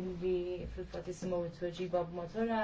illi fil-fatt isimgħu it-tweġiba b'mod